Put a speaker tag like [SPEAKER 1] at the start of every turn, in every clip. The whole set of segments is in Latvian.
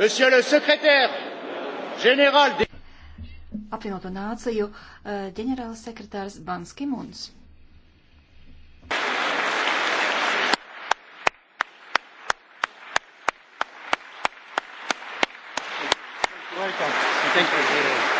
[SPEAKER 1] Monsieur le secrétaire général des... Apvienoto nāciju eh, ģenerāls sekretārs Bans Kimuns. Welcome. Thank you.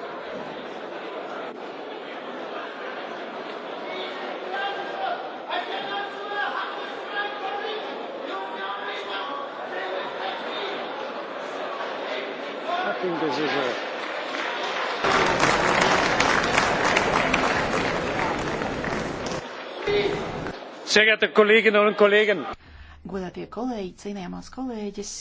[SPEAKER 1] acting decision. Sehr geehrte Kolleginnen un und Kollegen! Godātie kolēģi, cienījamās kolēģis!